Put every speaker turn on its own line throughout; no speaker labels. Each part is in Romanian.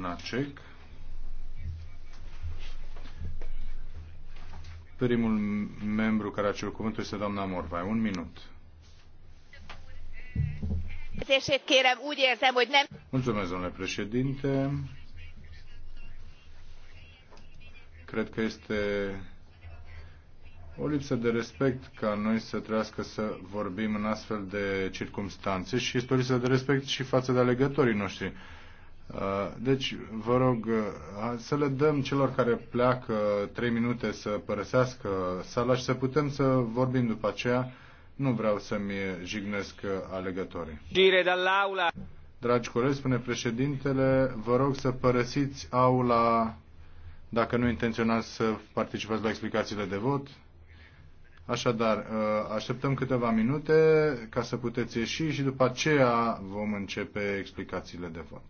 Lunacek. Primul membru care a cerut cuvântul este doamna Morvai. Un minut. Mulțumesc, domnule președinte. Cred că este o lipsă de respect ca noi să trească să vorbim în astfel de circumstanțe și este o lipsă de respect și față de alegătorii noștri. Uh, deci, vă rog uh, să le dăm celor care pleacă trei minute să părăsească sala și să putem să vorbim după aceea. Nu vreau să-mi jignesc uh, alegătorii. Gire dall'aula. Dragi colegi, spune președintele, vă rog să părăsiți aula dacă nu intenționați să participați la explicațiile de vot. Așadar, așteptăm câteva minute ca să puteți ieși și după aceea vom începe explicațiile de vot.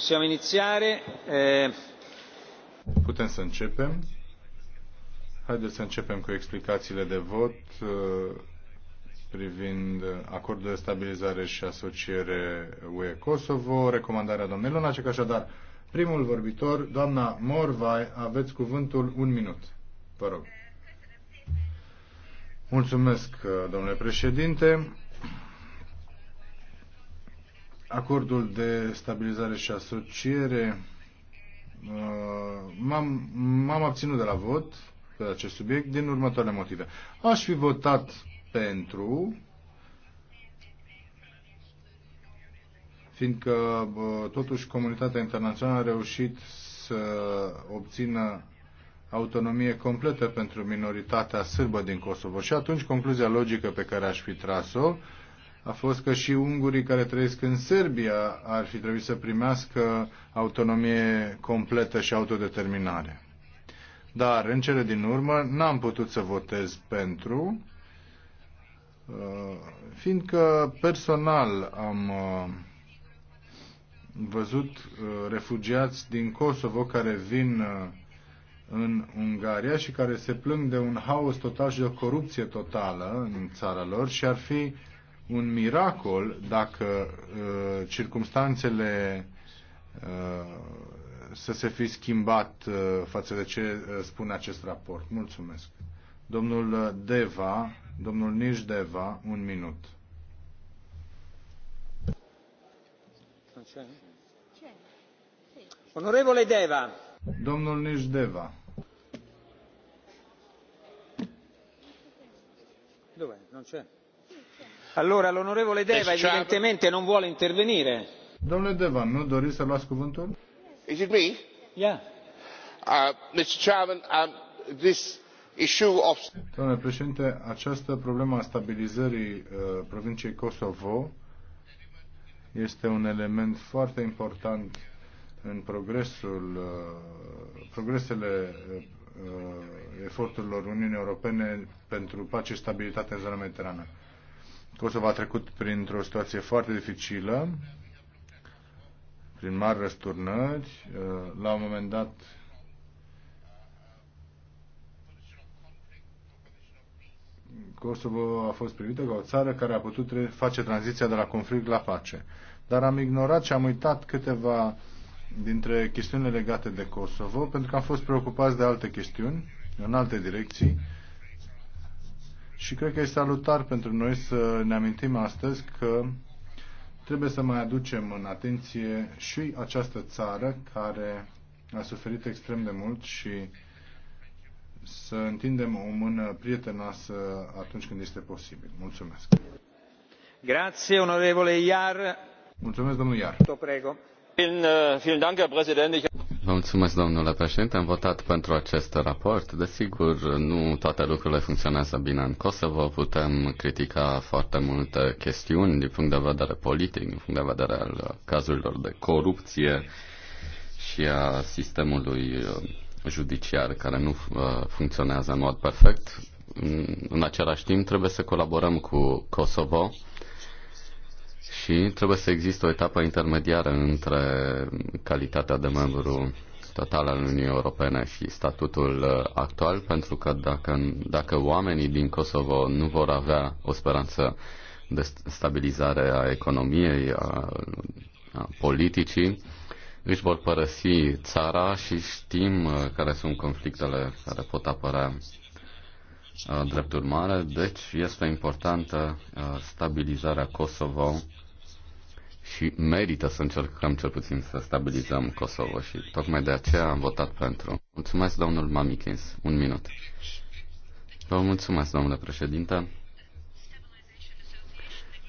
Possiamo iniziare. Eh. Putem să începem. Haideți să începem cu explicațiile de vot eh, privind acordul de stabilizare și asociere UE Kosovo, recomandarea domnului Lunacek, așadar primul vorbitor, doamna Morvai, aveți cuvântul un minut. Vă rog. Mulțumesc, eh, domnule președinte acordul de stabilizare și asociere. Uh, m-am, abținut de la vot pe acest subiect din următoarele motive. Aș fi votat pentru, fiindcă totuși comunitatea internațională a reușit să obțină autonomie completă pentru minoritatea sârbă din Kosovo. Și atunci concluzia logică pe care aș fi tras-o a fost că și ungurii care trăiesc în Serbia ar fi trebuit să primească autonomie completă și autodeterminare. Dar, în cele din urmă, n-am putut să votez pentru, uh, fiindcă personal am uh, văzut uh, refugiați din Kosovo care vin în Ungaria și care se plâng de un haos total și de o corupție totală în țara lor și ar fi un miracol dacă uh, circumstanțele uh, să se fi schimbat uh, față de ce uh, spune acest raport. Mulțumesc. Domnul uh, Deva, domnul Niș Deva, un minut.
Onorevole Deva.
Domnul Niș Deva. Dove? Non c'è. Allora, l'onorevole Deva evidentemente non vuole intervenire. Domnule Deva, nu doriți să luați cuvântul? Is it me? Yeah.
Uh, Mr. Chairman, um, this issue of...
Domnule președinte, această problemă a stabilizării uh, provinciei Kosovo este un element foarte important în progresul, uh, progresele uh, uh eforturilor Uniunii Europene pentru pace și stabilitate în zona mediterană. Kosovo a trecut printr-o situație foarte dificilă, prin mari răsturnări. Uh, la un moment dat Kosovo a fost privită ca o țară care a putut face tranziția de la conflict la pace. Dar am ignorat și am uitat câteva dintre chestiunile legate de Kosovo, pentru că am fost preocupați de alte chestiuni, în alte direcții, și cred că e salutar pentru noi să ne amintim astăzi că trebuie să mai aducem în atenție și această țară care a suferit extrem de mult și să întindem o mână prietenoasă atunci când este posibil. Mulțumesc. Grazie, onorevole Iar. Mulțumesc, domnul Iar. Vielen,
vielen Dank, Herr Präsident.
Vă mulțumesc, domnule președinte. Am votat pentru acest raport. Desigur, nu toate lucrurile funcționează bine în Kosovo. Putem critica foarte multe chestiuni din punct de vedere politic, din punct de vedere al cazurilor de corupție și a sistemului uh, judiciar care nu uh, funcționează în mod perfect. În același timp, trebuie să colaborăm cu Kosovo și trebuie să existe o etapă intermediară între calitatea de membru total al Uniunii Europene și statutul uh, actual, pentru că dacă, dacă oamenii din Kosovo nu vor avea o speranță de stabilizare a economiei, a, a politicii, își vor părăsi țara și știm uh, care sunt conflictele care pot apărea uh, drept urmare. Deci este importantă stabilizarea Kosovo și merită să încercăm cel puțin să stabilizăm Kosovo și tocmai de aceea am votat pentru. Mulțumesc, domnul Mamikins. Un minut. Vă mulțumesc, domnule președinte.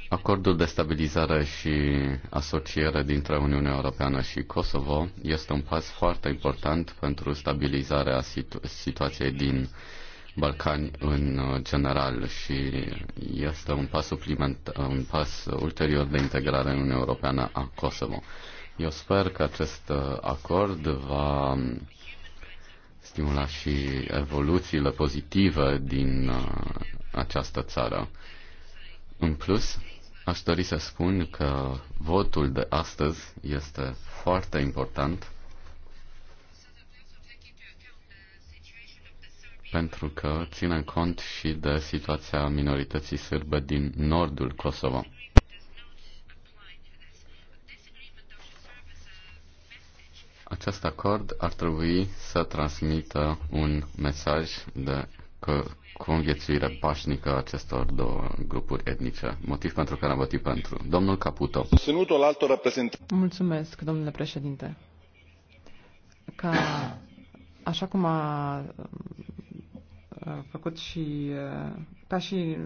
Acordul de stabilizare și asociere dintre Uniunea Europeană și Kosovo este un pas foarte important pentru stabilizarea situ- situației din Balcani în uh, general și este un pas, supliment, uh, un pas ulterior de integrare în Uniunea Europeană a Kosovo. Eu sper că acest uh, acord va um, stimula și evoluțiile pozitive din această țară. În plus, aș dori să spun că votul de astăzi este foarte important pentru că ține cont și de situația minorității sârbe din nordul Kosovo. Acest acord ar trebui să transmită un mesaj de că conviețuire pașnică acestor două grupuri etnice, motiv pentru care am votat pentru. Domnul Caputo.
Mulțumesc, domnule președinte. Ca, așa cum a Uh, făcut și uh, ca și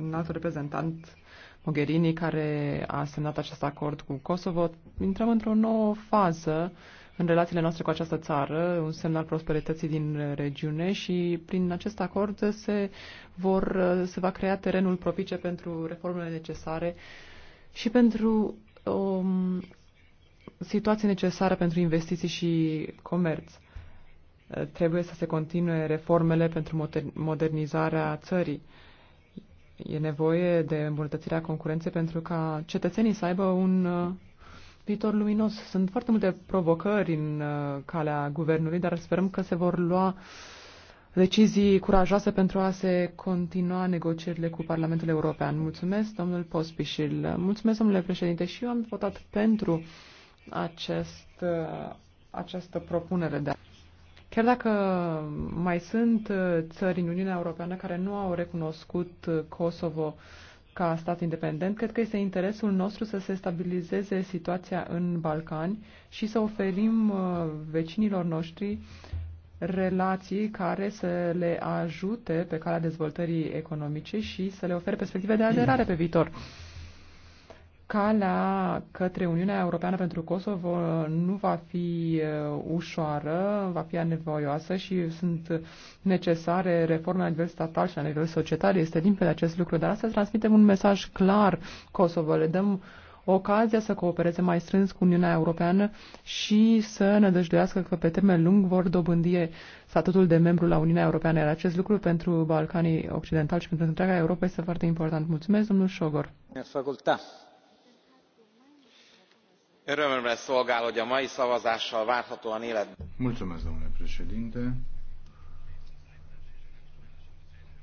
un alt reprezentant Mogherini care a semnat acest acord cu Kosovo. Intrăm într-o nouă fază în relațiile noastre cu această țară, un semn al prosperității din regiune și prin acest acord se, vor, uh, se va crea terenul propice pentru reformele necesare și pentru o um, situație necesară pentru investiții și comerț. Trebuie să se continue reformele pentru modernizarea țării. E nevoie de îmbunătățirea concurenței pentru ca cetățenii să aibă un uh, viitor luminos. Sunt foarte multe provocări în uh, calea guvernului, dar sperăm că se vor lua decizii curajoase pentru a se continua negocierile cu Parlamentul European. Mulțumesc, domnul Pospișil. Mulțumesc, domnule președinte. Și eu am votat pentru acest, uh, această propunere de Chiar dacă mai sunt uh, țări în Uniunea Europeană care nu au recunoscut uh, Kosovo ca stat independent, cred că este interesul nostru să se stabilizeze situația în Balcani și să oferim uh, vecinilor noștri relații care să le ajute pe calea dezvoltării economice și să le ofere perspective de aderare pe viitor calea către Uniunea Europeană pentru Kosovo nu va fi uh, ușoară, va fi anevoioasă și sunt necesare reforme la nivel statal și la nivel societar. Este limpede acest lucru, dar asta transmitem un mesaj clar Kosovo. Le dăm ocazia să coopereze mai strâns cu Uniunea Europeană și să dăjduiască că pe termen lung vor dobândi statutul de membru la Uniunea Europeană. Iar acest lucru pentru Balcanii Occidentali și pentru întreaga Europa este foarte important. Mulțumesc, domnul Șogor.
Facultate örömömre szolgál hogy a mai szavazással várhatóan életbe.
mulțumesc domnule președinte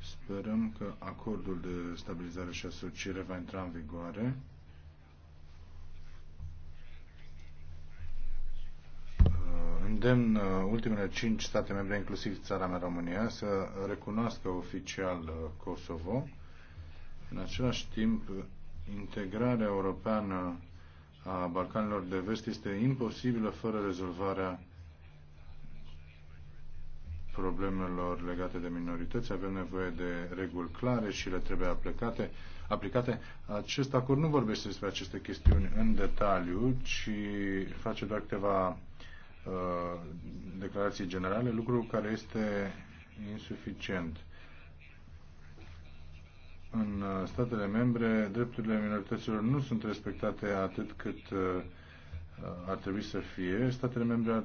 sperăm că acordul de stabilizare și asociere va intra în vigoare uh, îndemn uh, ultimele cinci state membre, inclusiv țara mea România, să recunoască oficial uh, Kosovo. În același timp, integrarea europeană a Balcanilor de Vest este imposibilă fără rezolvarea problemelor legate de minorități. Avem nevoie de reguli clare și le trebuie aplicate. aplicate. Acest acord nu vorbește despre aceste chestiuni în detaliu, ci face doar câteva uh, declarații generale, lucru care este insuficient în uh, statele membre drepturile minorităților nu sunt respectate atât cât uh, uh, ar trebui să fie. Statele membre ar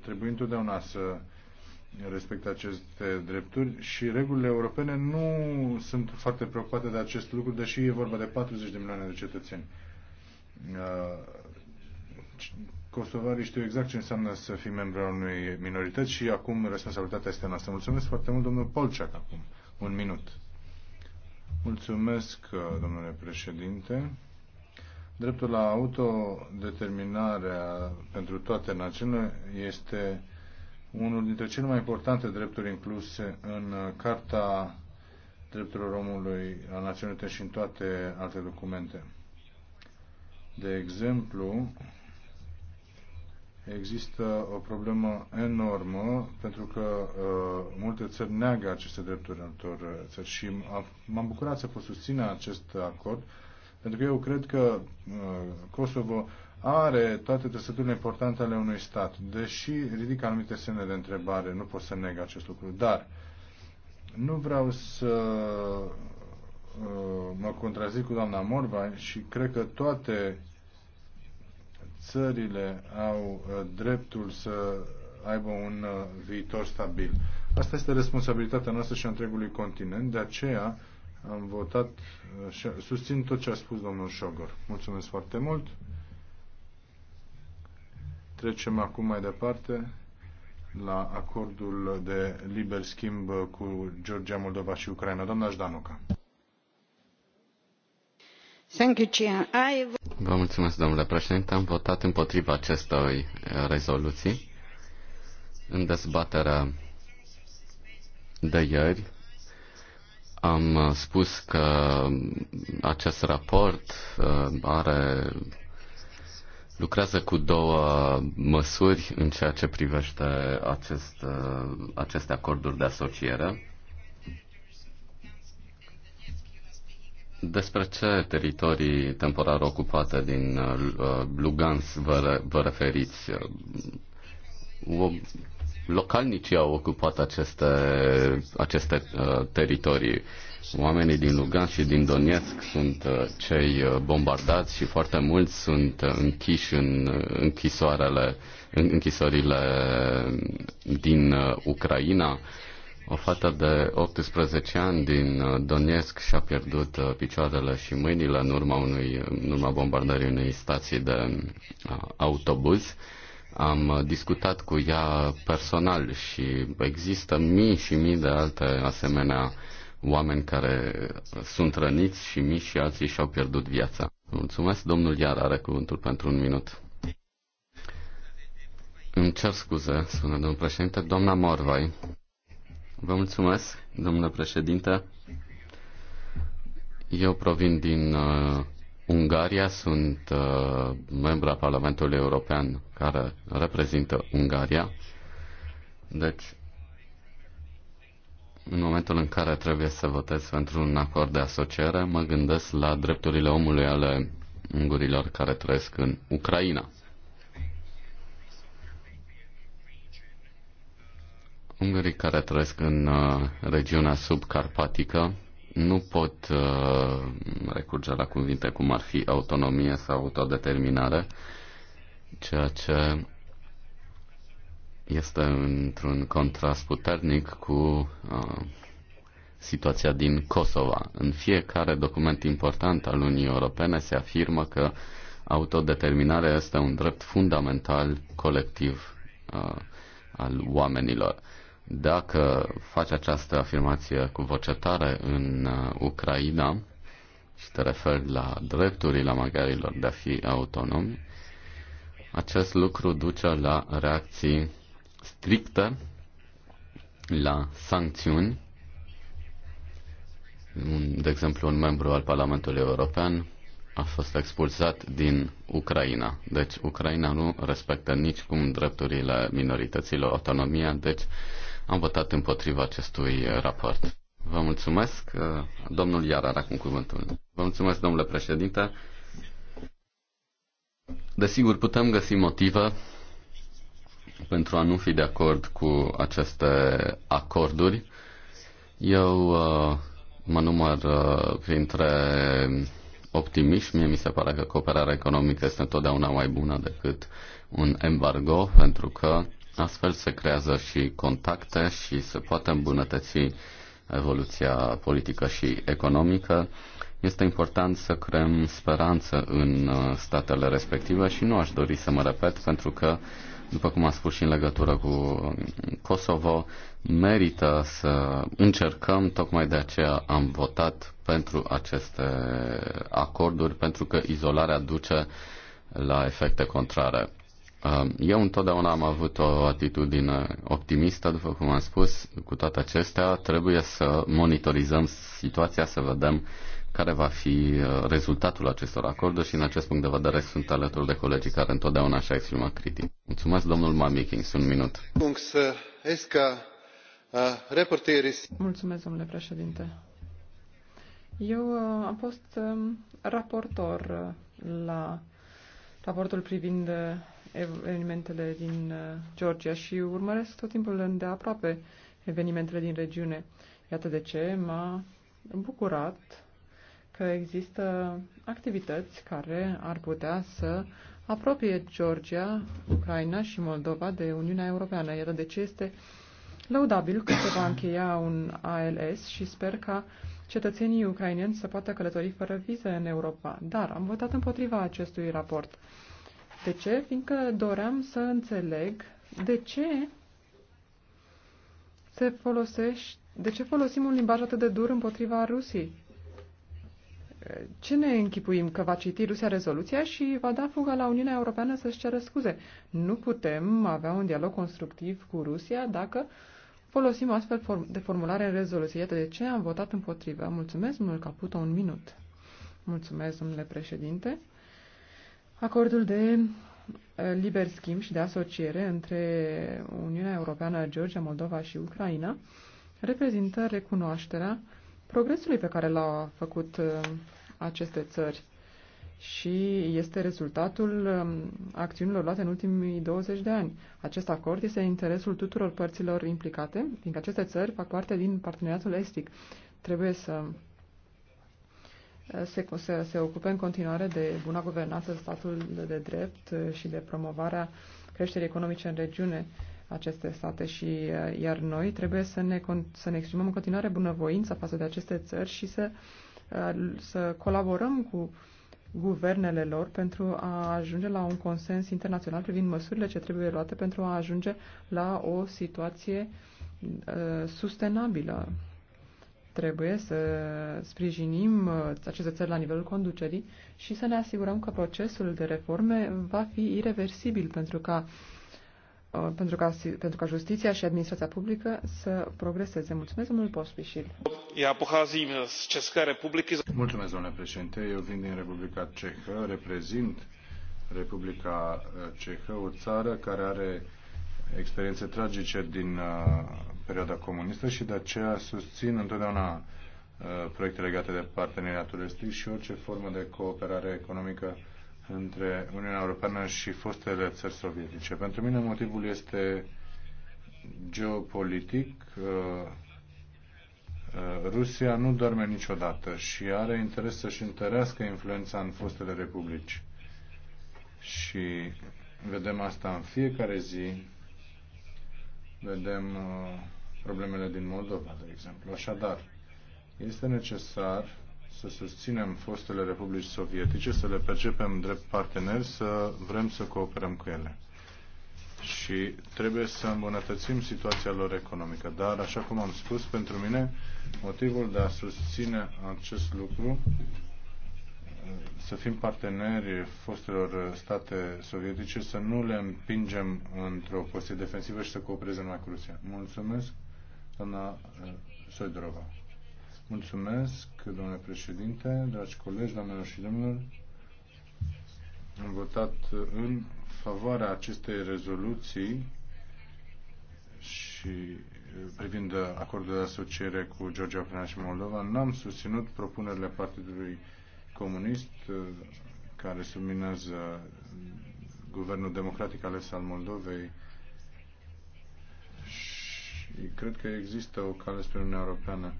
trebui întotdeauna să respecte aceste drepturi și regulile europene nu sunt foarte preocupate de acest lucru, deși e vorba de 40 de milioane de cetățeni. Kosovarii știu exact ce înseamnă să fii membru al unei minorități și acum responsabilitatea este noastră. Mulțumesc foarte mult, domnul Polceac, acum. Un minut. Mulțumesc, domnule președinte. Dreptul la autodeterminare pentru toate națiunile este unul dintre cele mai importante drepturi incluse în Carta Drepturilor Omului a Națiunilor și în toate alte documente. De exemplu, există o problemă enormă pentru că uh, multe țări neagă aceste drepturi altor uh, țări și m-am bucurat să pot susține acest acord pentru că eu cred că uh, Kosovo are toate trăsăturile importante ale unui stat, deși ridică anumite semne de întrebare, nu pot să neg acest lucru, dar nu vreau să uh, mă contrazic cu doamna Morva și cred că toate țările au uh, dreptul să aibă un uh, viitor stabil. Asta este responsabilitatea noastră și a întregului continent, de aceea am votat uh, și susțin tot ce a spus domnul Șogor. Mulțumesc foarte mult. Trecem acum mai departe la acordul de liber schimb cu Georgia, Moldova și Ucraina. Doamna Ždanoca.
Vă mulțumesc, domnule președinte. Am votat împotriva acestei eh, rezoluții. În dezbaterea de ieri am eh, spus că acest raport eh, are lucrează cu două măsuri în ceea ce privește acest, aceste acorduri de asociere. Despre ce teritorii temporar ocupate din uh, Lugansk vă, vă referiți? Uh, o, localnicii au ocupat aceste, aceste uh, teritorii. Oamenii din Lugansk și din Donetsk sunt uh, cei uh, bombardați și foarte mulți sunt închiși în închisoarele, în închisorile din uh, Ucraina. Uh, o fată de 18 ani din uh, Donetsk și-a pierdut uh, picioarele și mâinile în urma, unui, în urma bombardării unei stații de uh, autobuz. Am discutat cu ea personal și există mii și mii de alte asemenea oameni care sunt răniți și mii și alții și-au pierdut viața. Mulțumesc, domnul Iar are cuvântul pentru un minut. Îmi cer scuze, spune domnul președinte, doamna Morvai Vă mulțumesc, domnule președinte. Eu provin din uh, Ungaria, sunt uh, membru al Parlamentului European care reprezintă Ungaria. Deci, în momentul în care trebuie să votez pentru un acord de asociere, mă gândesc la drepturile omului ale ungurilor care trăiesc în Ucraina. Ungurii care trăiesc în uh, regiunea subcarpatică nu pot uh, recurge la cuvinte cum ar fi autonomie sau autodeterminare, ceea ce este într-un contrast puternic cu uh, situația din Kosova. În fiecare document important al Uniunii Europene se afirmă că autodeterminarea este un drept fundamental colectiv uh, al oamenilor. Dacă faci această afirmație cu voce tare în uh, Ucraina și te referi la drepturile maghiarilor de a fi autonomi, acest lucru duce la reacții stricte, la sancțiuni. De exemplu, un membru al Parlamentului European a fost expulzat din Ucraina. Deci Ucraina nu respectă nicicum drepturile minorităților, autonomia, deci am votat împotriva acestui uh, raport. Vă mulțumesc. Uh, domnul Iarar, acum cuvântul. Vă mulțumesc, domnule președinte. Desigur, putem găsi motive pentru a nu fi de acord cu aceste acorduri. Eu uh, mă număr printre optimiști. Mie mi se pare că cooperarea economică este întotdeauna mai bună decât un embargo, pentru că Astfel se creează și contacte și se poate îmbunătăți evoluția politică și economică. Este important să creăm speranță în uh, statele respective și nu aș dori să mă repet pentru că, după cum am spus și în legătură cu um, Kosovo, merită să încercăm, tocmai de aceea am votat pentru aceste acorduri, pentru că izolarea duce la efecte contrare. Um, eu întotdeauna am avut o atitudine optimistă, după cum am spus. Cu toate acestea, trebuie să monitorizăm situația, să vedem care va fi uh, rezultatul acestor acorduri și în acest punct de vedere sunt alături de colegii care întotdeauna și exprimă critic. Mulțumesc, domnul Mamikins, un minut.
Uh,
Mulțumesc, domnule președinte. Eu uh, am fost um, raportor la raportul privind evenimentele din uh, Georgia și urmăresc tot timpul de aproape evenimentele din regiune. Iată de ce m-a bucurat că există activități care ar putea să apropie Georgia, Ucraina și Moldova de Uniunea Europeană. Iată de ce este laudabil că se va încheia un ALS și sper ca cetățenii ucraineni să poată călători fără vize în Europa. Dar am votat împotriva acestui raport. De ce? Fiindcă doream să înțeleg de ce se folosește, de ce folosim un limbaj atât de dur împotriva Rusiei. Ce ne închipuim? Că va citi Rusia rezoluția și va da fuga la Uniunea Europeană să-și ceară scuze. Nu putem avea un dialog constructiv cu Rusia dacă folosim astfel de formulare în rezoluție. Iată de ce am votat împotriva. Mulțumesc, domnul Caputo, un minut. Mulțumesc, domnule președinte. Acordul de liber schimb și de asociere între Uniunea Europeană, Georgia, Moldova și Ucraina reprezintă recunoașterea progresului pe care l-au făcut aceste țări și este rezultatul acțiunilor luate în ultimii 20 de ani. Acest acord este în interesul tuturor părților implicate, fiindcă aceste țări fac parte din parteneriatul estic. Trebuie să se, se, se ocupe în continuare de buna guvernanță, statul de drept și de promovarea creșterii economice în regiune aceste state și uh, iar noi trebuie să ne, să ne exprimăm în continuare bunăvoința față de aceste țări și să, uh, să colaborăm cu guvernele lor pentru a ajunge la un consens internațional privind măsurile ce trebuie luate pentru a ajunge la o situație uh, sustenabilă Trebuie să sprijinim uh, aceste țări la nivelul conducerii și să ne asigurăm că procesul de reforme va fi irreversibil pentru ca uh, pentru ca, pentru ca justiția și administrația publică să progreseze. Mulțumesc, domnul Pospișil.
Mulțumesc, domnule președinte. Eu vin din Republica Cehă, reprezint Republica uh, Cehă, o țară care are experiențe tragice din uh, perioada comunistă și de aceea susțin întotdeauna uh, proiecte legate de parteneriatul estic și orice formă de cooperare economică între Uniunea Europeană și fostele țări sovietice. Pentru mine motivul este geopolitic. Uh, Rusia nu doarme niciodată și are interes să-și întărească influența în fostele republici. Și vedem asta în fiecare zi vedem uh, problemele din Moldova, de exemplu. Așadar, este necesar să susținem fostele republici sovietice, să le percepem drept parteneri, să vrem să cooperăm cu ele. Și trebuie să îmbunătățim situația lor economică. Dar, așa cum am spus, pentru mine, motivul de a susține acest lucru să fim parteneri fostelor state sovietice, să nu le împingem într-o poziție defensivă și să coopereze numai cu Rusia. Mulțumesc, doamna uh, Soidorova. Mulțumesc, domnule președinte, dragi colegi, doamnelor și domnilor. Am votat în favoarea acestei rezoluții și uh, privind acordul de asociere cu Georgia, Ucraina și Moldova, n-am susținut propunerile Partidului comunist uh, care subminează guvernul democratic ales al Moldovei și cred că există o cale spre Uniunea Europeană.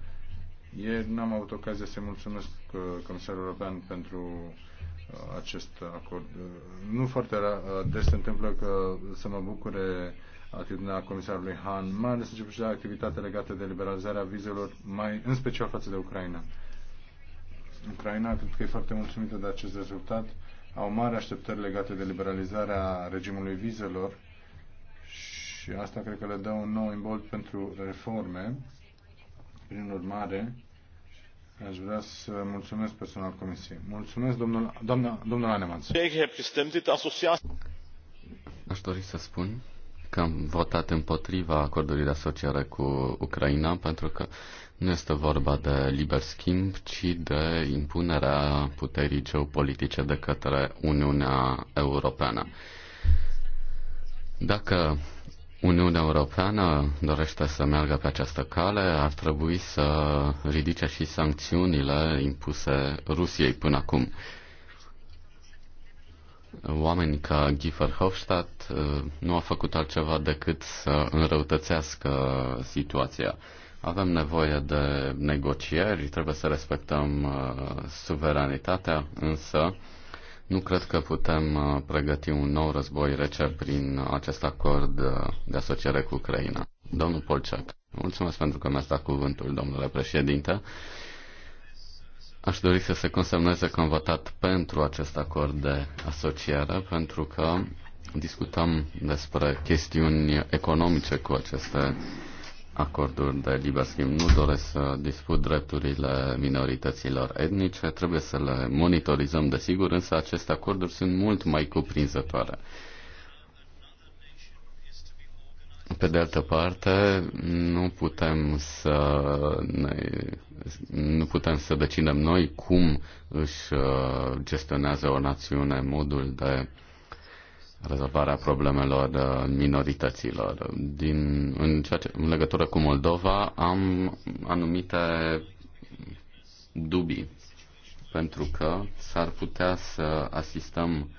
Ieri n-am avut ocazia să mulțumesc uh, Comisarul European pentru uh, acest acord. Nu foarte des se întâmplă că să mă bucure atitudinea comisarului Han, mai ales început și de activitatea legată de liberalizarea vizelor, mai în special față de Ucraina. Ucraina, pentru că e foarte mulțumită de acest rezultat. Au mari așteptări legate de liberalizarea regimului vizelor și asta cred că le dă un nou imbold pentru reforme. Prin urmare, aș vrea să mulțumesc personal Comisiei. Mulțumesc, domnul, doamna, domnul Anemans.
Aș dori să spun că am votat împotriva acordului de asociere cu Ucraina pentru că nu este vorba de liber schimb, ci de impunerea puterii geopolitice de către Uniunea Europeană. Dacă Uniunea Europeană dorește să meargă pe această cale, ar trebui să ridice și sancțiunile impuse Rusiei până acum oameni ca Giefer Hofstadt eh, nu au făcut altceva decât să înrăutățească situația. Avem nevoie de negocieri, trebuie să respectăm eh, suveranitatea, însă nu cred că putem eh, pregăti un nou război rece prin acest acord de asociere cu Ucraina. Domnul Polciac, mulțumesc pentru că mi-ați dat cuvântul, domnule președinte. Aș dori să se consemneze că am votat pentru acest acord de asociere, pentru că discutăm despre chestiuni economice cu aceste acorduri de liber schimb. Nu doresc să disput drepturile minorităților etnice, trebuie să le monitorizăm, desigur, însă aceste acorduri sunt mult mai cuprinzătoare. Pe de altă parte, nu putem să ne, nu putem să decidem noi cum își uh, gestionează o națiune modul de rezolvarea problemelor uh, minorităților. Din, în, ceea ce, în legătură cu Moldova am anumite dubii, pentru că s-ar putea să asistăm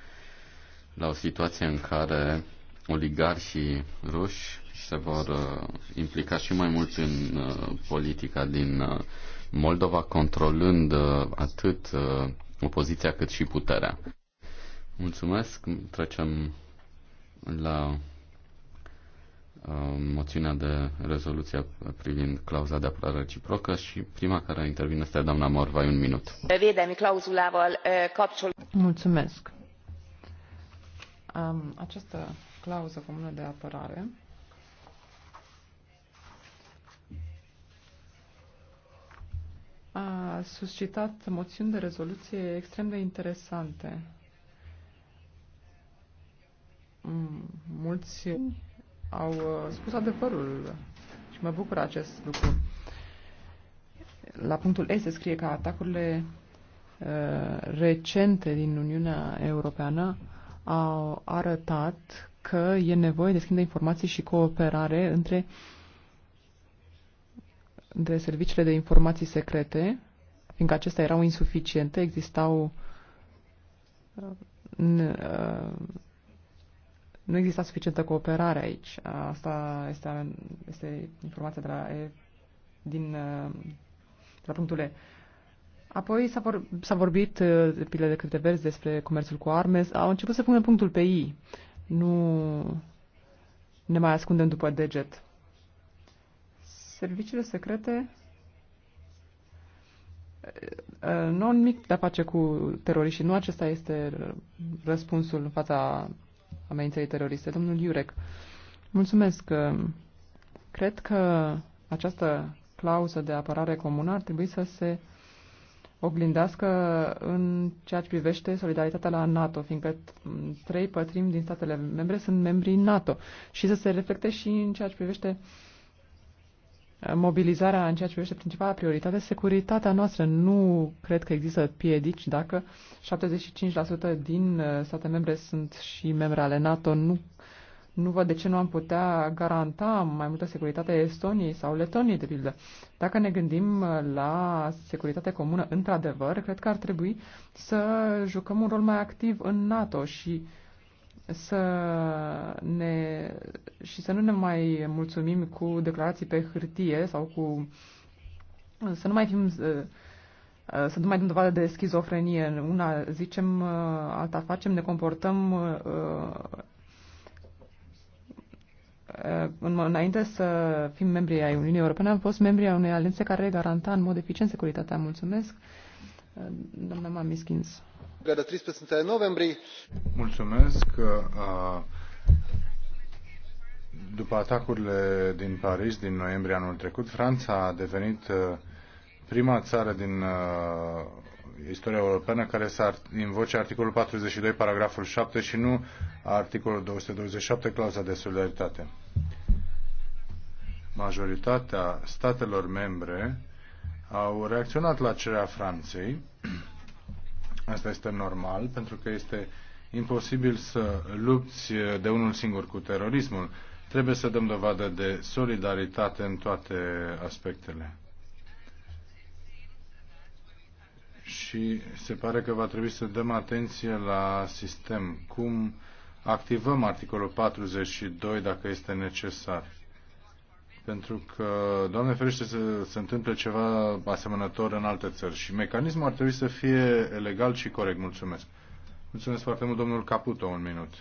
la o situație în care oligarhii ruși se vor uh, implica și mai mult în uh, politica din uh, Moldova, controlând atât opoziția cât și puterea. Mulțumesc. Trecem la moțiunea de rezoluție privind clauza de apărare reciprocă și prima care intervine este doamna Morvai, un minut.
Védelmi klauzulával Mulțumesc. Această clauză comună de apărare a suscitat moțiuni de rezoluție extrem de interesante. Mulți au uh, spus adevărul și mă bucur acest lucru. La punctul E se scrie că atacurile uh, recente din Uniunea Europeană au arătat că e nevoie de schimb de informații și cooperare între uh, de serviciile de informații secrete, fiindcă acestea erau insuficiente, existau uh, uh, nu exista suficientă cooperare aici. Asta este, este informația de la, din, uh, de la punctul E. Apoi s-a, vor, vorbit de pile de câte verzi despre comerțul cu arme. Au început să pună punctul pe I. Nu ne mai ascundem după deget serviciile secrete nu nimic de a face cu teroriștii. Nu acesta este răspunsul în fața amenințării teroriste. Domnul Iurec, mulțumesc. Cred că această clauză de apărare comună ar trebui să se oglindească în ceea ce privește solidaritatea la NATO, fiindcă trei pătrimi din statele membre sunt membrii NATO și să se reflecte și în ceea ce privește uh, mobilizarea în ceea ce privește principala prioritate, securitatea noastră. Nu cred că există piedici dacă 75% din uh, state membre sunt și membre ale NATO. Nu, nu văd de ce nu am putea garanta mai multă securitate Estoniei sau Letoniei, de pildă. Dacă ne gândim uh, la securitate comună, într-adevăr, cred că ar trebui să jucăm un rol mai activ în NATO și uh, să ne, și să nu ne mai mulțumim cu declarații pe hârtie sau cu să nu mai fim uh, uh, să nu mai dăm dovadă de schizofrenie. Una zicem, uh, alta facem, ne comportăm înainte să fim membri ai Uniunii Europene, am fost membri ai unei alianțe care garanta în mod eficient securitatea. Mulțumesc, doamna Mamiskins.
Mulțumesc. Uh, după atacurile din Paris din noiembrie anul trecut, Franța a devenit uh, prima țară din uh, istoria europeană care să invoce articolul 42, paragraful 7 și nu articolul 227, clauza de solidaritate. Majoritatea statelor membre au reacționat la cererea Franței Asta este normal, pentru că este imposibil să lupți de unul singur cu terorismul. Trebuie să dăm dovadă de solidaritate în toate aspectele. Și se pare că va trebui să dăm atenție la sistem, cum activăm articolul 42 dacă este necesar pentru că, Doamne ferește, să se întâmple ceva asemănător în alte țări și mecanismul ar trebui să fie legal și corect. Mulțumesc. Mulțumesc foarte mult, domnul Caputo, un minut.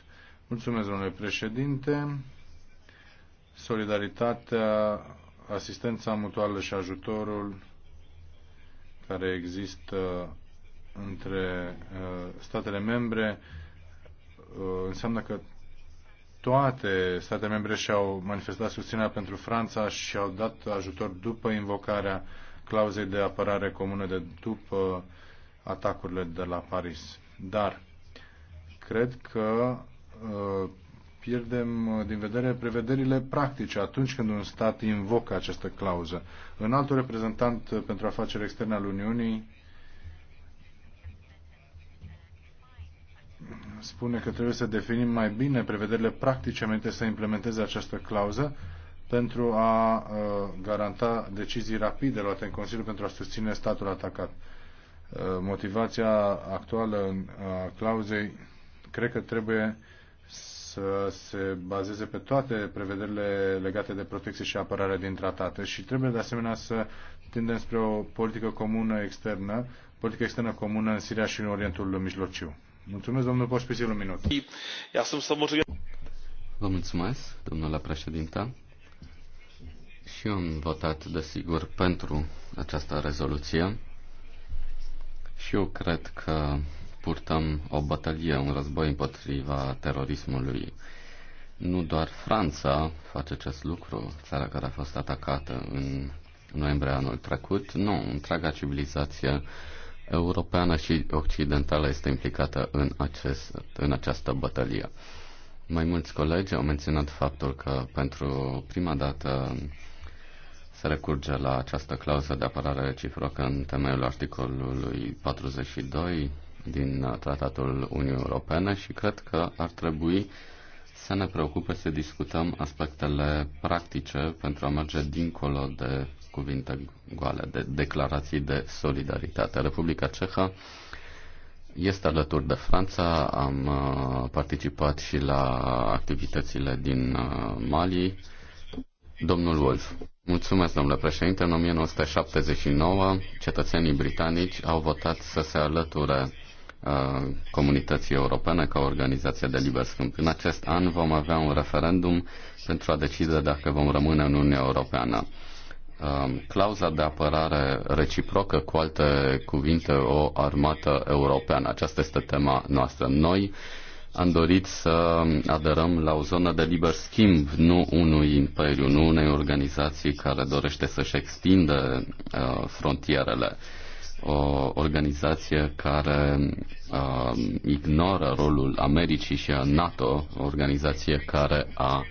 Mulțumesc, domnule președinte. Solidaritatea, asistența mutuală și ajutorul care există între uh, statele membre uh, înseamnă că toate state membre și-au manifestat susținerea pentru Franța și au dat ajutor după invocarea clauzei de apărare comună de după atacurile de la Paris. Dar cred că uh, pierdem din vedere prevederile practice atunci când un stat invocă această clauză. În altul reprezentant pentru afaceri externe al Uniunii spune că trebuie să definim mai bine prevederile practice înainte să implementeze această clauză pentru a uh, garanta decizii rapide luate în Consiliu pentru a susține statul atacat. Uh, motivația actuală în uh, clauzei cred că trebuie să se bazeze pe toate prevederile legate de protecție și apărare din tratate și trebuie de asemenea să tindem spre o politică comună externă, politică externă comună în Siria și în Orientul Mijlociu. Mulțumesc, domnul Poșpisil, un minut.
Vă mulțumesc, domnule președinte. Și eu am votat, desigur, pentru această rezoluție. Și eu cred că purtăm o bătălie, un război împotriva terorismului. Nu doar Franța face acest lucru, țara care a fost atacată în noiembrie anul trecut, nu, întreaga civilizație europeană și occidentală este implicată în, acest, în această bătălie. Mai mulți colegi au menționat faptul că pentru prima dată se recurge la această clauză de apărare reciprocă în temeiul articolului 42 din Tratatul Uniunii Europene și cred că ar trebui să ne preocupe să discutăm aspectele practice pentru a merge dincolo de cuvinte goale, de declarații de solidaritate. Republica Cehă este alături de Franța, am uh, participat și la activitățile din uh, Mali. Domnul Wolf. Mulțumesc, domnule președinte. În 1979, cetățenii britanici au votat să se alăture uh, comunității europene ca organizație de liber schimb. În acest an vom avea un referendum pentru a decide dacă vom rămâne în Uniunea Europeană. Um, clauza de apărare reciprocă, cu alte cuvinte, o armată europeană. Aceasta este tema noastră. Noi am dorit să aderăm la o zonă de liber schimb, nu unui imperiu, nu unei organizații care dorește să-și extindă uh, frontierele. O organizație care uh, ignoră rolul Americii și a NATO, o organizație care a uh,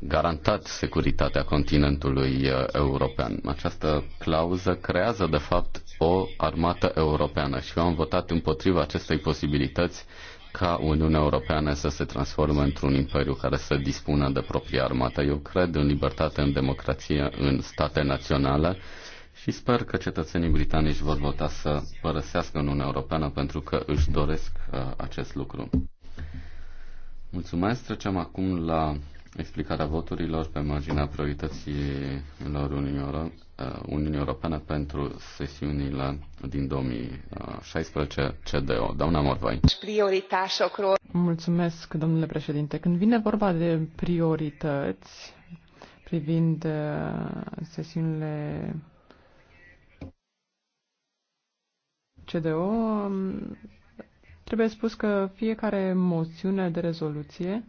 garantat securitatea continentului uh, european. Această clauză creează, de fapt, o armată europeană și eu am votat împotriva acestei posibilități ca Uniunea Europeană să se transforme într-un imperiu care să dispună de propria armată. Eu cred în libertate, în democrație, în state naționale și sper că cetățenii britanici vor vota să părăsească Uniunea Europeană pentru că își doresc uh, acest lucru. Mulțumesc, trecem acum la explicarea voturilor pe marginea priorităților Uniunii uh, Europene pentru sesiunile din 2016 CDO. Doamna Morvai.
Mulțumesc, domnule președinte. Când vine vorba de priorități privind uh, sesiunile CDO, um, trebuie spus că fiecare moțiune de rezoluție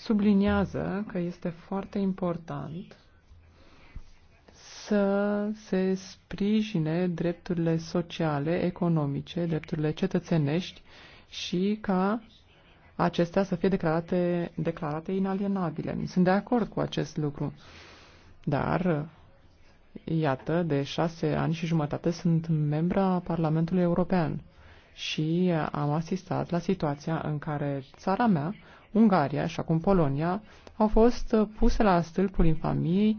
subliniază că este foarte important să se sprijine drepturile sociale, economice, drepturile cetățenești și ca acestea să fie declarate, declarate inalienabile. Sunt de acord cu acest lucru. Dar, iată, de șase ani și jumătate sunt membra Parlamentului European și am asistat la situația în care țara mea Ungaria și acum Polonia au fost puse la stâlpul infamiei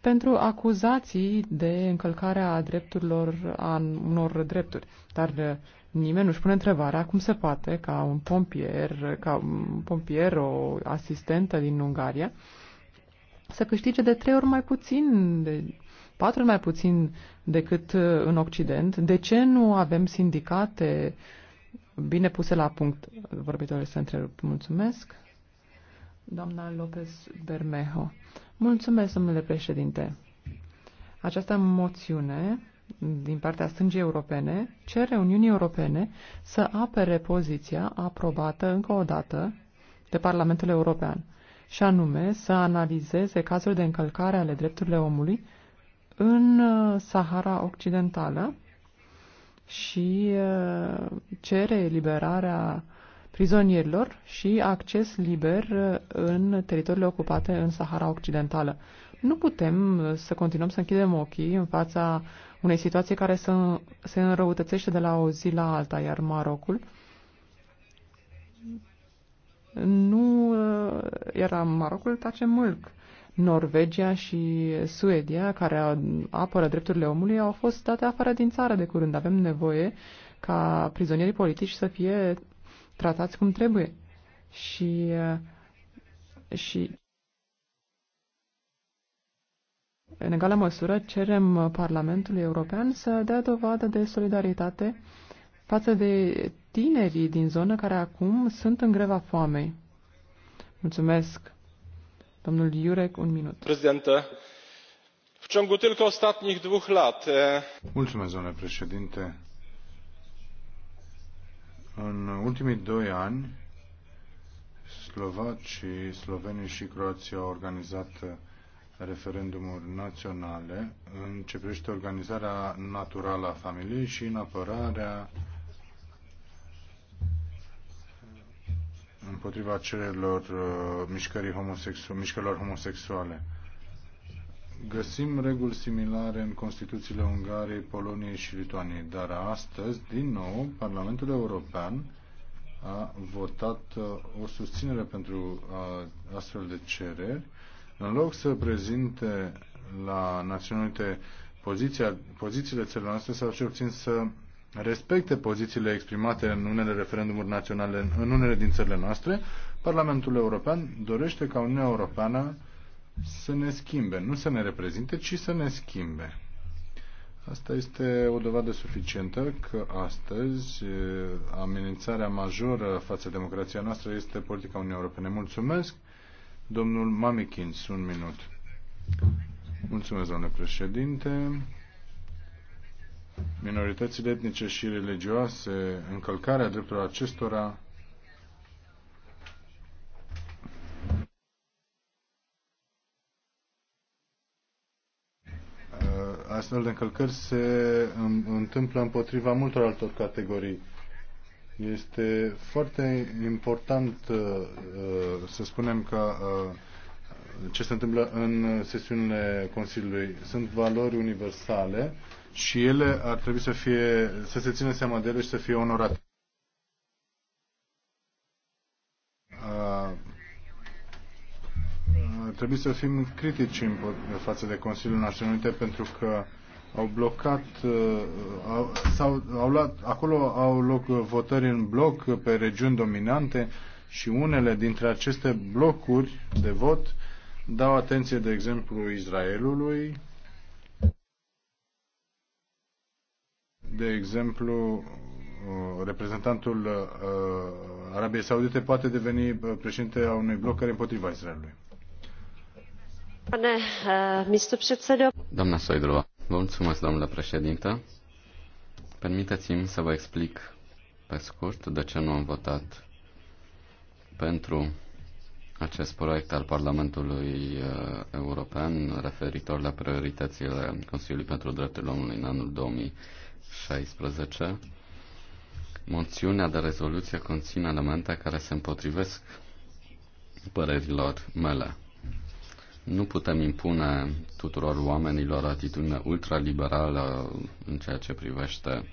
pentru acuzații de încălcarea drepturilor a unor drepturi. Dar uh, nimeni nu-și pune întrebarea cum se poate ca un pompier, ca un pompier, o asistentă din Ungaria, să câștige de trei ori mai puțin, de patru ori mai puțin decât uh, în Occident. De ce nu avem sindicate uh, bine puse la punct. Vorbitorii să întrerup. Mulțumesc. Doamna Lopez Bermejo. Mulțumesc, domnule președinte. Această moțiune din partea stângii europene cere Uniunii Europene să apere poziția aprobată încă o dată de Parlamentul European și anume să analizeze cazuri de încălcare ale drepturilor omului în uh, Sahara Occidentală și uh, cere eliberarea prizonierilor și acces liber uh, în teritoriile ocupate în Sahara Occidentală. Nu putem uh, să continuăm să închidem ochii în fața unei situații care se se înrăutățește de la o zi la alta, iar Marocul nu, era Marocul tace mâlc. Norvegia și Suedia, care apără drepturile omului, au fost date afară din țară de curând. Avem nevoie ca prizonierii politici să fie tratați cum trebuie. Și, și în egală măsură cerem Parlamentului European să dea dovadă de solidaritate față de tinerii din zonă care acum sunt în greva foamei. Mulțumesc! Domnule Iurec, un minut.
Prezidentă, w ciągu tylko domnule președinte. În ultimii doi ani, slovacii, slovenii și Croația au organizat referendumuri naționale în ceea ce privește organizarea naturală a familiei și în apărarea împotriva cererilor uh, mișcării homosexu- mișcărilor homosexuale. Găsim reguli similare în Constituțiile Ungariei, Poloniei și Lituaniei, dar astăzi, din nou, Parlamentul European a votat uh, o susținere pentru uh, astfel de cereri. În loc să prezinte la Națiunile Unite poziția, pozițiile țărilor noastre, s-au obțin să respecte pozițiile exprimate în unele referendumuri naționale în unele din țările noastre, Parlamentul European dorește ca Uniunea Europeană să ne schimbe, nu să ne reprezinte, ci să ne schimbe. Asta este o dovadă suficientă că astăzi amenințarea majoră față de democrația noastră este politica Uniunii Europene. Mulțumesc, domnul Mamikins, un minut. Mulțumesc, domnule președinte minoritățile etnice și religioase, încălcarea drepturilor acestora, uh, astfel de încălcări se întâmplă împotriva multor altor categorii. Este foarte important uh, uh, să spunem că ce se întâmplă în sesiunile Consiliului sunt valori universale și ele ar trebui să, fie, să se țină seama de ele și să fie onorate. Trebuie să fim critici în față de Consiliul Națiunilor Unite pentru că au blocat, uh, au, sau, au luat, acolo au loc votări în bloc pe regiuni dominante și unele dintre aceste blocuri de vot dau atenție, de exemplu, Israelului, De exemplu, uh, reprezentantul uh, Arabiei Saudite poate deveni uh, președinte a unui bloc care împotriva Israelului.
Doamna Soidrova, vă mulțumesc, domnule președinte. Permiteți-mi să vă explic pe scurt de ce nu am votat pentru acest proiect al Parlamentului uh, European referitor la prioritățile Consiliului pentru Drepturile Omului în anul 2016. Moțiunea de rezoluție conține elemente care se împotrivesc părerilor mele. Nu putem impune tuturor oamenilor atitudine ultraliberală în ceea ce privește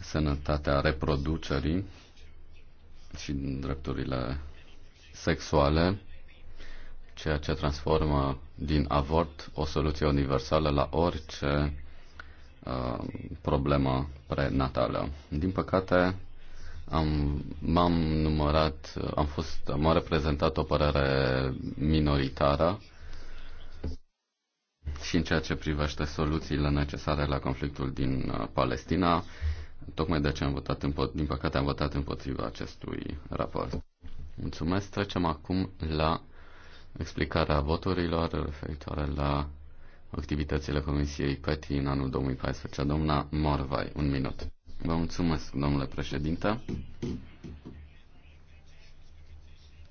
sănătatea reproducerii și drepturile sexuale, ceea ce transformă din avort o soluție universală la orice uh, problemă prenatală. Din păcate, am, m-am numărat, am fost, am reprezentat o părere minoritară și în ceea ce privește soluțiile necesare la conflictul din uh, Palestina. Tocmai de ce am votat, din păcate, am votat împotriva acestui raport. Mulțumesc. Trecem acum la explicarea voturilor referitoare la activitățile Comisiei PETI în anul 2014. Doamna Morvai, un minut. Vă mulțumesc, domnule președinte.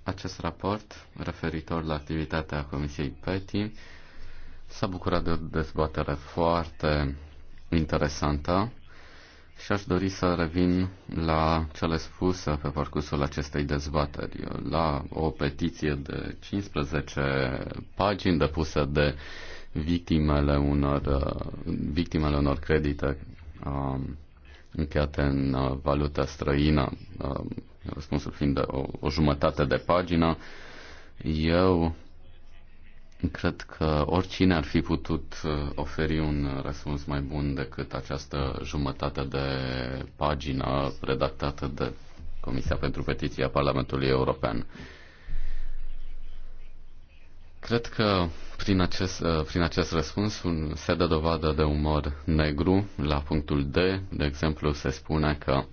Acest raport referitor la activitatea Comisiei PETI s-a bucurat de o dezbatere foarte interesantă și aș dori să revin la cele spuse pe parcursul acestei dezbateri, la o petiție de 15 pagini depusă de victimele unor, victimele unor credite um, încheiate în uh, valută străină, um, răspunsul fiind de o, o jumătate de pagină. Eu Cred că oricine ar fi putut uh, oferi un răspuns mai bun decât această jumătate de pagină redactată de Comisia pentru Petiții a Parlamentului European. Cred că prin acest, uh, prin acest răspuns se dă dovadă de umor negru. La punctul D, de exemplu, se spune că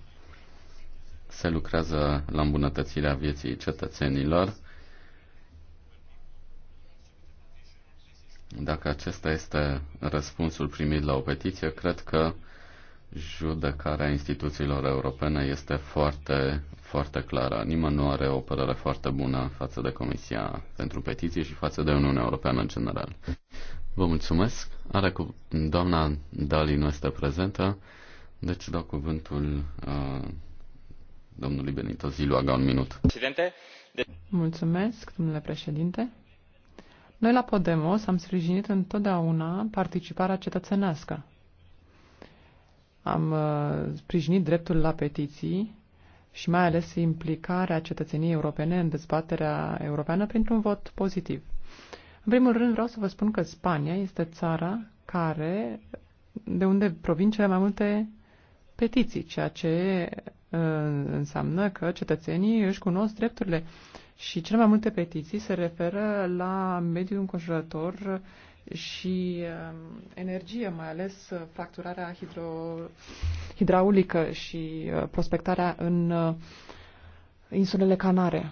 se lucrează la îmbunătățirea vieții cetățenilor Dacă acesta este răspunsul primit la o petiție, cred că judecarea instituțiilor europene este foarte, foarte clară. Nimeni nu are o părere foarte bună față de Comisia pentru Petiții și față de Uniunea Europeană în general. Vă mulțumesc. Are cu... Doamna Dali nu este prezentă, deci dau cuvântul uh, domnului Benito Ziluaga un minut.
Mulțumesc, domnule președinte. Noi la Podemos am sprijinit întotdeauna participarea cetățenească. Am uh, sprijinit dreptul la petiții și mai ales implicarea cetățeniei europene în dezbaterea europeană printr-un vot pozitiv. În primul rând vreau să vă spun că Spania este țara care, de unde provin cele mai multe petiții, ceea ce uh, înseamnă că cetățenii își cunosc drepturile uh, și cele mai multe petiții se referă la mediul înconjurător și um, energie, mai ales fracturarea hidro, hidraulică și uh, prospectarea în uh, insulele Canare.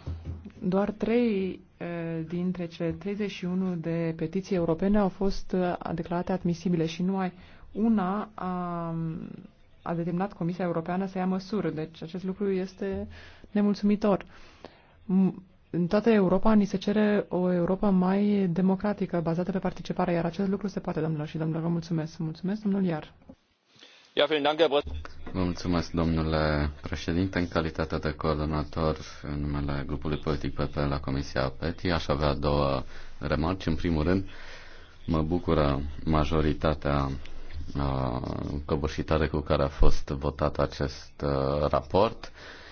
Doar trei uh, dintre cele 31 de petiții europene au fost declarate admisibile și numai una a, a determinat Comisia Europeană să ia măsuri. Deci acest lucru este nemulțumitor în toată Europa ni se cere o Europa mai democratică, bazată pe participare, iar acest lucru se poate, domnilor și domnilor. Vă mulțumesc. Mulțumesc, domnul Iar. Vă
mulțumesc, domnule președinte. În calitate de coordonator în numele grupului politic PP la Comisia PETI, aș avea două remarci. În primul rând, mă bucură majoritatea uh, covârșitare cu care a fost votat acest uh, raport. Uh,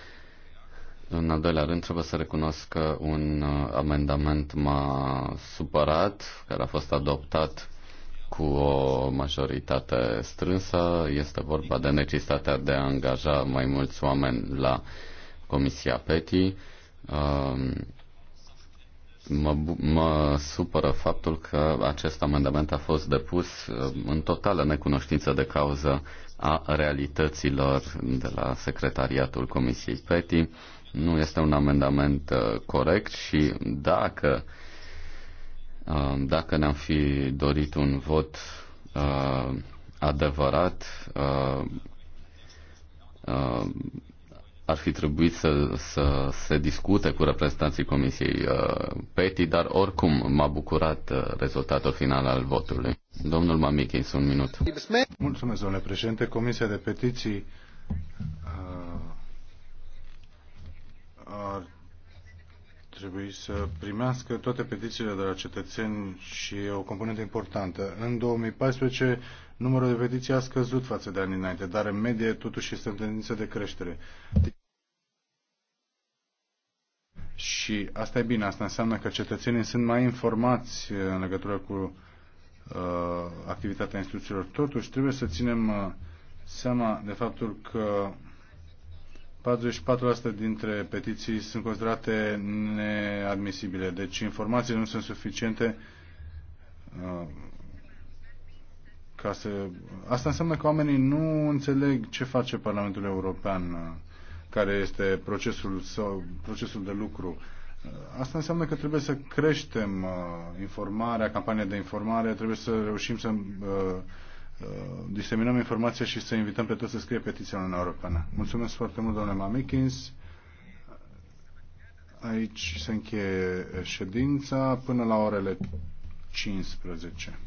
în al doilea rând, trebuie să recunosc că un uh, amendament m-a supărat, care a fost adoptat cu o majoritate strânsă. Este vorba de necesitatea de a angaja mai mulți oameni la Comisia PETI. Um, mă, mă supără faptul că acest amendament a fost depus um, în totală necunoștință de cauză a realităților de la secretariatul Comisiei PETI nu este un amendament uh, corect și dacă, um, dacă ne-am fi dorit un vot uh, adevărat, uh, ar fi trebuit să, să se discute cu reprezentanții Comisiei uh, PETI, dar oricum m-a bucurat uh, rezultatul final al votului. Domnul Mamichins, un minut. Mulțumesc,
domnule președinte. Comisia de Petiții uh, ar trebui să primească toate petițiile de la cetățeni și e o componentă importantă. În 2014 numărul de petiții a scăzut față de anii înainte, dar în medie totuși este în tendință de creștere. Și asta e bine, asta înseamnă că cetățenii sunt mai informați în legătură cu uh, activitatea instituțiilor. Totuși trebuie să ținem uh, seama de faptul că 44% dintre petiții sunt considerate neadmisibile, deci informațiile nu sunt suficiente uh, ca să... Asta înseamnă că oamenii nu înțeleg ce face Parlamentul European, uh, care este procesul, sau, procesul de lucru. Uh, asta înseamnă că trebuie să creștem informarea, campania de informare, trebuie să reușim să Uh, diseminăm informația și să invităm pe toți să scrie petiția în Europeană. Mulțumesc foarte mult, domnule Mamikins. Aici se încheie ședința până la orele 15.